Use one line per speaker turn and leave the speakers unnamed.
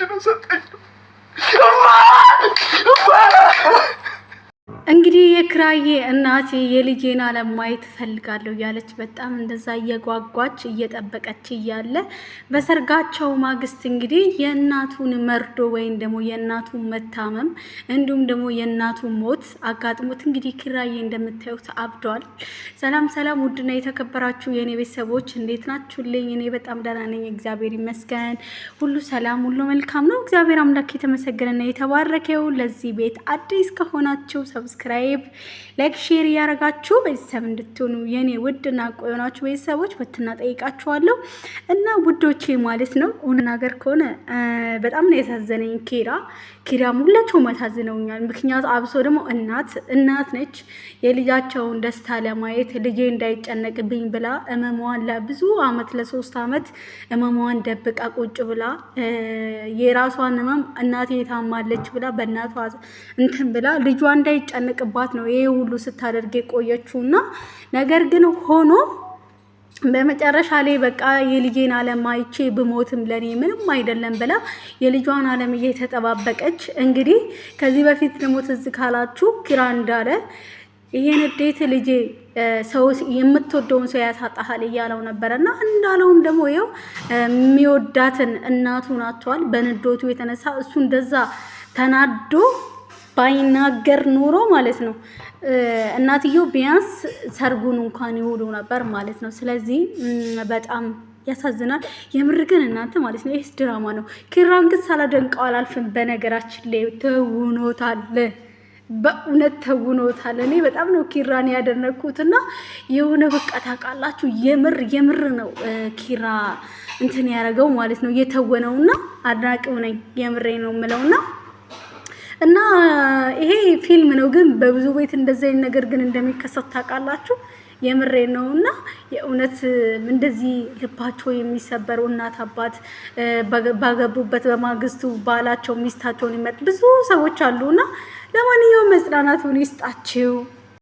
ልጅ ነው ሰጠኝ።
እንግዲህ የክራዬ እናቴ የልጄን አለም ማየት እፈልጋለሁ እያለች በጣም እንደዛ እየጓጓች እየጠበቀች እያለ በሰርጋቸው ማግስት እንግዲህ የእናቱን መርዶ ወይም ደግሞ የእናቱን መታመም እንዲሁም ደግሞ የእናቱ ሞት አጋጥሞት እንግዲህ ክራዬ እንደምታዩት አብዷል። ሰላም ሰላም፣ ውድና የተከበራችሁ የእኔ ቤተሰቦች እንዴት ናችሁልኝ? እኔ በጣም ደህና ነኝ፣ እግዚአብሔር ይመስገን። ሁሉ ሰላም፣ ሁሉ መልካም ነው። እግዚአብሔር አምላክ የተመሰገነና የተባረከው። ለዚህ ቤት አዲስ ከሆናችሁ ሰብስ ሰብስክራይብ፣ ላይክ፣ ሼር እያደረጋችሁ ቤተሰብ እንድትሆኑ የኔ ውድና ቆዮናችሁ ቤተሰቦች በትና ጠይቃችኋለሁ እና ውዶቼ ማለት ነው። እውነት ሀገር ከሆነ በጣም ነው ያሳዘነኝ ኪራ ኪራ ሁላችሁም አሳዝነውኛል። ምክንያቱ አብሶ ደግሞ እናት እናት ነች የልጃቸውን ደስታ ለማየት ልጄ እንዳይጨነቅብኝ ብላ እመሟን ለብዙ አመት ለሶስት አመት እመሟን ደብቃ ቁጭ ብላ የራሷን እመም እናቴ የታማለች ብላ በእናቷ እንትን ብላ ልጇ እንዳይጨነ ስትጨንቅባት ነው ይሄ ሁሉ ስታደርግ የቆየችው እና ነገር ግን ሆኖ በመጨረሻ ላይ በቃ የልጄን ዓለም አይቼ ብሞትም ለኔ ምንም አይደለም ብላ የልጇን ዓለም እየተጠባበቀች እንግዲህ ከዚህ በፊት ልሞት እዚህ ካላችሁ ኪራ እንዳለ ይሄን እንዴት ልጄ ሰው የምትወደውን ሰው ያሳጣሃል እያለው ነበረ እና እንዳለውም ደግሞ ይኸው የሚወዳትን እናቱን አጥቷል። በንዶቱ የተነሳ እሱ እንደዛ ተናዶ ባይናገር ኖሮ ማለት ነው እናትየው ቢያንስ ሰርጉን እንኳን ይውሉ ነበር ማለት ነው። ስለዚህ በጣም ያሳዝናል። የምር ግን እናንተ ማለት ነው ይህስ ድራማ ነው። ኪራን ግን ሳላደንቀው አላልፍም። በነገራችን ላይ ተውኖታል፣ በእውነት ተውኖታል። እኔ በጣም ነው ኪራን ያደነኩት እና የሆነ በቃ ታውቃላችሁ፣ የምር የምር ነው ኪራ እንትን ያደረገው ማለት ነው የተወነውና አድናቂው ነኝ የምሬ ነው የምለውና እና ይሄ ፊልም ነው፣ ግን በብዙ ቤት እንደዚህ አይነት ነገር ግን እንደሚከሰት ታውቃላችሁ። የምሬ ነው እና የእውነት እንደዚህ ልባቸው የሚሰበሩ እናት አባት ባገቡበት በማግስቱ ባላቸው ሚስታቸውን ይመጥ ብዙ ሰዎች አሉ እና ለማንኛውም መጽናናቱን ይስጣችው።